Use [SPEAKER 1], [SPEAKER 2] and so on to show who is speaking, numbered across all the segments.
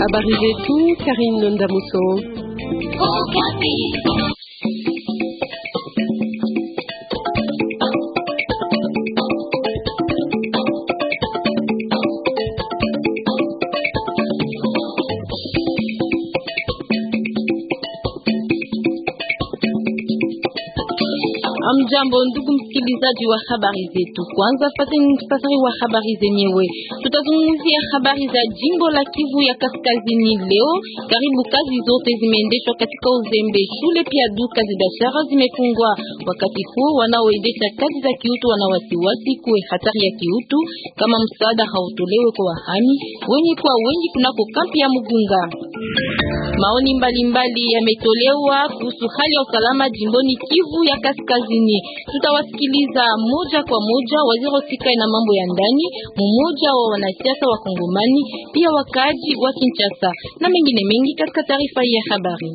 [SPEAKER 1] Habari zetu Karine Nondamoso. mjambo ndugu msikilizaji wa habari zetu. Kwanza fateni mtasari wa habari zenyewe. Tutazungumzia habari za jimbo la Kivu ya Kaskazini. Leo karibu kazi zote zimeendeshwa katika uzembe, shule pia duka za biashara zimefungwa. Wakati huo wanaoendesha kazi za kiutu wana wasiwasi kuwe hatari ya kiutu kama msaada hautolewe kwa wahami wenye kwa wengi kunako kampi ya Mugunga. Maoni mbalimbali yametolewa kuhusu hali ya usalama jimboni Kivu ya Kaskazini. Tutawasikiliza moja kwa moja waziri husikae na mambo ya ndani, mmoja wa wanasiasa wa Kongomani, pia wakaaji wa Kinshasa na mengine mengi katika taarifa hii ya habari.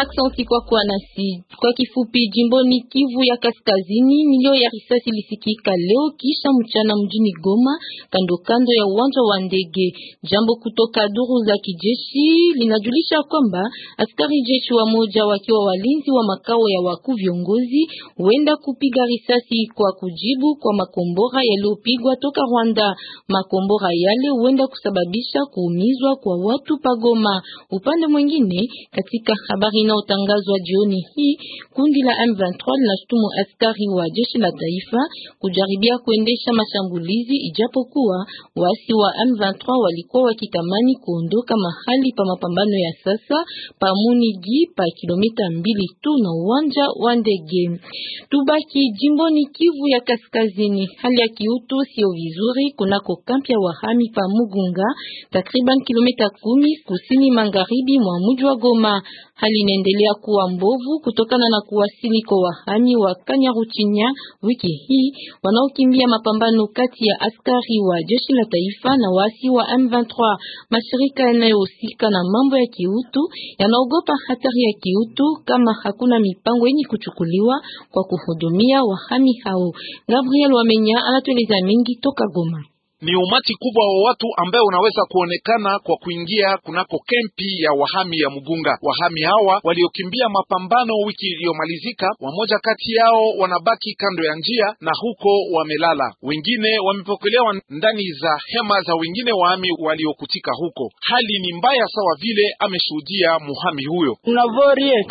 [SPEAKER 1] Aksanti kwa kwa nasi. Kwa kifupi, jimboni Kivu ya Kaskazini, milio ya risasi lisikika leo kisha mchana mjini Goma, kando kando ya uwanja wa ndege. Jambo kutoka duru za kijeshi linajulisha kwamba askari jeshi wa moja wakiwa walinzi wa makao ya wakuu viongozi huenda kupiga risasi kwa kujibu kwa makombora yaliyopigwa toka Rwanda. Makombora yale huenda kusababisha kuumizwa kwa watu pagoma. Upande mwingine nyingine katika habari inayotangazwa jioni hii, kundi la M23 linashutumu askari wa jeshi la taifa kujaribia kuendesha mashambulizi, ijapokuwa waasi wa M23 walikuwa wakitamani kuondoka mahali pa mapambano ya sasa pa Munigi pa kilomita mbili tu na uwanja wa ndege. Tubaki jimboni Kivu ya Kaskazini, hali ya kiutu sio vizuri kunako kampi ya wahami pa Mugunga, takriban kilomita kumi kusini magharibi mwa muji wa Goma. Hali inaendelea kuwa mbovu kutokana na kuwasili kwa wahami wa Kanyaruchinya wiki hii wanaokimbia mapambano kati ya askari wa jeshi la taifa na waasi wa M23. Mashirika yanayohusika na mambo ya kiutu yanaogopa hatari ya kiutu kama hakuna mipango yenye kuchukuliwa kwa kuhudumia wahami hao. Gabriel Wamenya anatueleza mengi toka Goma.
[SPEAKER 2] Ni umati kubwa wa watu ambaye unaweza kuonekana kwa kuingia kunako kempi ya wahami ya Mugunga. Wahami hawa waliokimbia mapambano wiki iliyomalizika, wamoja kati yao wanabaki kando ya njia na huko wamelala, wengine wamepokelewa ndani za hema za wengine wahami waliokutika huko. Hali ni mbaya sawa vile ameshuhudia muhami huyo.
[SPEAKER 3] Eh,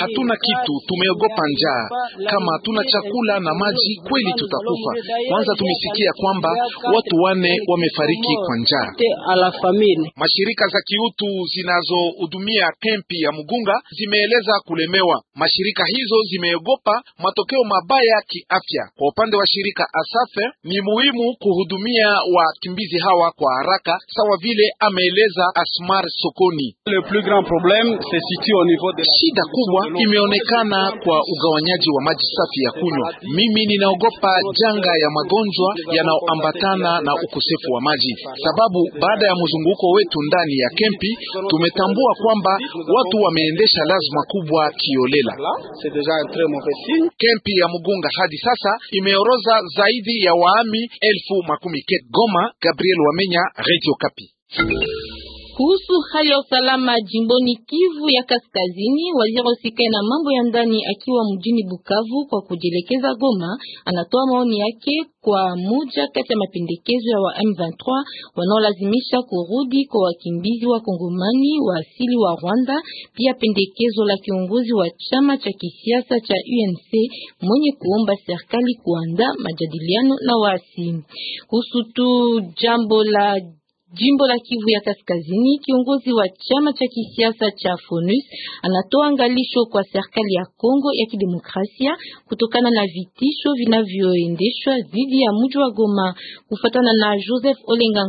[SPEAKER 2] hatuna kitu, tumeogopa njaa. Kama hatuna chakula na maji, kweli tutakufa. Kwanza tumesikia kwamba watu wane wamefariki kwa njaa. Mashirika za kiutu zinazohudumia kempi ya Mugunga zimeeleza kulemewa. Mashirika hizo zimeogopa matokeo mabaya kiafya. Kwa upande wa shirika Asafe, ni muhimu kuhudumia wakimbizi hawa kwa haraka, sawa vile ameeleza Asmar Sokoni. Shida kubwa imeonekana kwa ugawanyaji wa maji safi ya kunywa. Mimi ninaogopa janga ya magonjwa ya yanayoambatana na ukosefu wa maji, sababu baada ya mzunguko wetu ndani ya kempi tumetambua kwamba watu wameendesha lazima kubwa kiolela. Kempi ya Mugunga hadi sasa imeoroza zaidi ya waami elfu makumi kenda. Goma, Gabriel Wamenya, Radio Kapi.
[SPEAKER 1] Kuhusu hali ya usalama jimboni Kivu ya Kaskazini, waziri usikae na mambo ya ndani akiwa mjini Bukavu kwa kujielekeza Goma, anatoa maoni yake kwa moja kati ya mapendekezo ya wa M23 wanaolazimisha kurudi kwa wakimbizi wa Kongomani wa asili wa Rwanda, pia pendekezo la kiongozi wa chama cha kisiasa cha UNC mwenye kuomba serikali kuandaa majadiliano na waasi. Kuhusu tu jambo la Jimbo la Kivu ya Kaskazini, kiongozi wa chama cha kisiasa cha FONUS anatoa angalisho kwa serikali ya Kongo ya Kidemokrasia kutokana na vitisho vinavyoendeshwa dhidi ya mji wa Goma. Kufuatana na Joseph Olenga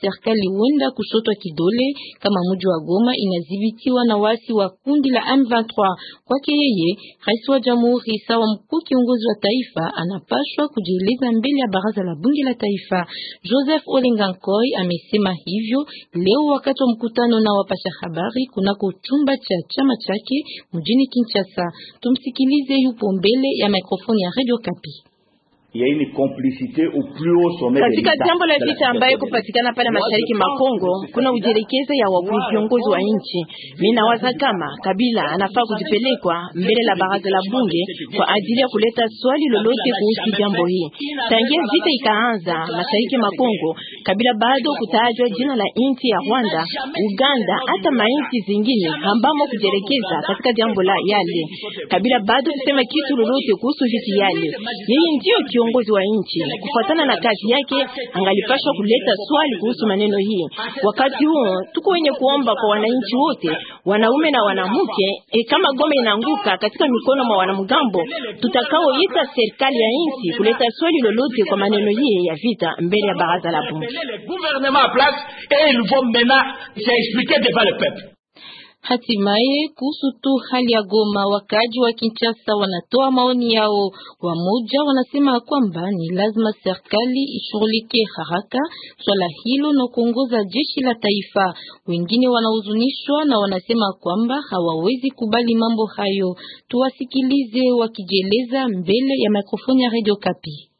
[SPEAKER 1] serikali huenda kushotwa kidole kama mji wa Goma inadhibitiwa na wasi wa kundi la M23. Kwake yeye, rais wa jamhuri sawa mkuu kiongozi wa taifa anapashwa kujieleza mbele ya baraza la bunge la taifa. Joseph Olengankoi amesema alisema hivyo leo wakati wa mkutano na wapasha habari kunako chumba cha chama chake mjini Kinshasa. Tumsikilize, yupo mbele ya mikrofoni ya Radio Kapi
[SPEAKER 2] ya ini complicité au plus haut sommet katika jambo la vita ambayo
[SPEAKER 3] kupatikana pale mashariki makongo kuna ujerekeza ya wakuu viongozi wa nchi. Mimi nawaza kama Kabila anafaa kujipelekwa mbele la baraza la bunge kwa ajili ya kuleta swali lolote kuhusu jambo hii. Tangia vita ikaanza mashariki makongo, Kabila bado kutajwa jina la nchi ya Rwanda, Uganda, hata mainchi zingine ambamo kujerekeza katika jambo la yale. Kabila bado kusema kitu lolote kuhusu vita yale, yeye ndio kiongozi wa nchi. Kufuatana na kazi yake, angalipashwa kuleta swali kuhusu maneno hii. Wakati huo tuko wenye kuomba kwa wananchi wote, wanaume na wanamke, e, eh, kama Goma inaanguka katika mikono mwa wanamgambo, tutakaoita serikali ya nchi kuleta swali lolote kwa maneno hii ya vita mbele ya baraza la bunge. Hatimaye, kuhusu tu
[SPEAKER 1] hali ya Goma, wakaaji wa Kinshasa wanatoa maoni yao. Wamoja wanasema kwamba ni lazima serikali ishughulikie haraka swala hilo na kuongoza jeshi la taifa. Wengine wanahuzunishwa na wanasema kwamba hawawezi kubali mambo hayo. Tuwasikilize wakijieleza mbele ya mikrofoni ya Radio Kapi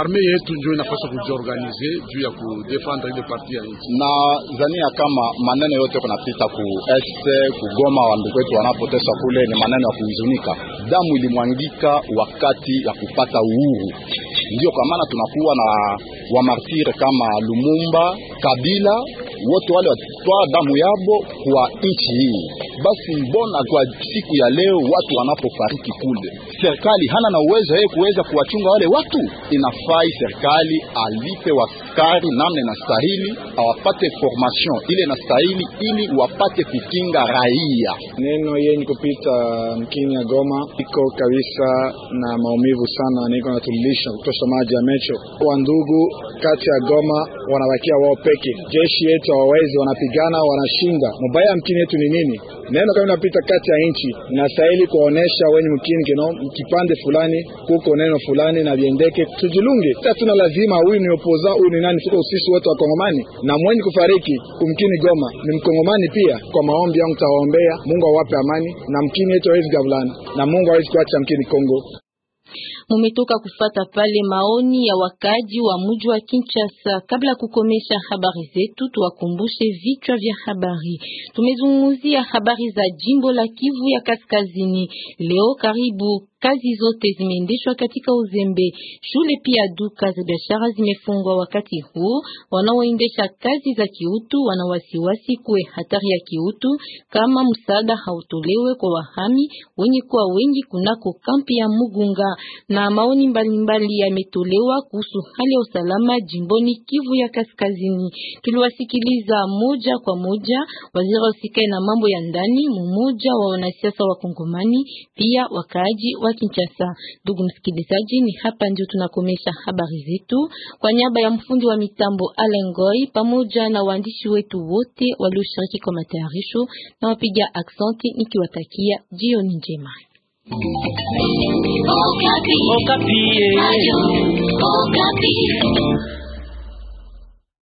[SPEAKER 2] arme yetu ndio inapaswa kujiorganize juu ya kudefendre ile parti ya nchi, na zania kama maneno yote kunapita ku este kugoma, wandugu wetu wanapotesha kule, ni maneno ya kuhuzunika. Damu ilimwangika wakati ya kupata uhuru, ndio kwa maana tunakuwa na wamartire kama Lumumba, Kabila wote wale watoa damu yabo kwa nchi hii. Basi mbona kwa siku ya leo watu wanapofariki kule, serikali hana na uwezo yeye kuweza kuwachunga wale watu? Inafai serikali alipe waskari namna inastahili, awapate formation ile inastahili, ili wapate kukinga raia. Neno yenye kupita mkini ya Goma iko kabisa na maumivu sana, niko natulilisha kutosha maji ya mecho wa ndugu kati ya Goma wanabakia wao peke. Jeshi yetu wawezi wanapigana, wanashinda. Mubaya mkini yetu ni nini? Neno kama inapita kati ya nchi inastahili kuonesha wenye mkini kino kipande fulani kuko neno fulani na viendeke, tujilunge. Hatuna lazima huyu ni opoza huyu ni nani, tuko sisi wote wa Kongomani, na mwenye kufariki kumkini Goma ni mkongomani pia. Kwa maombi yangu tawaombea Mungu awape amani, na mkini yetu hawezi gavulana, na Mungu awezi kuacha mkini Kongo
[SPEAKER 1] mumetoka kufata pale maoni ya wakaji wa mji wa Kinshasa. Kabla kukomesha habari zetu, tuwakumbushe vichwa vya habari. Tumezungumzia habari za jimbo la Kivu ya Kaskazini. Leo karibu kazi zote zimeendeshwa katika uzembe. Shule pia duka za biashara zimefungwa. Wakati huu wanaoendesha kazi za kiutu wana wasiwasi kuwe hatari ya kiutu kama msaada hautolewe kwa wahami wenye kuwa wengi kunako kampi ya Mugunga na maoni mbalimbali yametolewa kuhusu hali ya usalama jimboni Kivu ya Kaskazini. Tuliwasikiliza moja kwa moja waziri usikae na mambo ya ndani, mmoja wa wanasiasa wa Kongomani, pia wakaaji wa Kinshasa. Ndugu msikilizaji, ni hapa ndio tunakomesha habari zetu. Kwa niaba ya mfundi wa mitambo Alengoi pamoja na waandishi wetu wote walioshiriki kwa matayarisho na wapiga aksenti, nikiwatakia jioni njema.
[SPEAKER 2] Okapi. Okapi.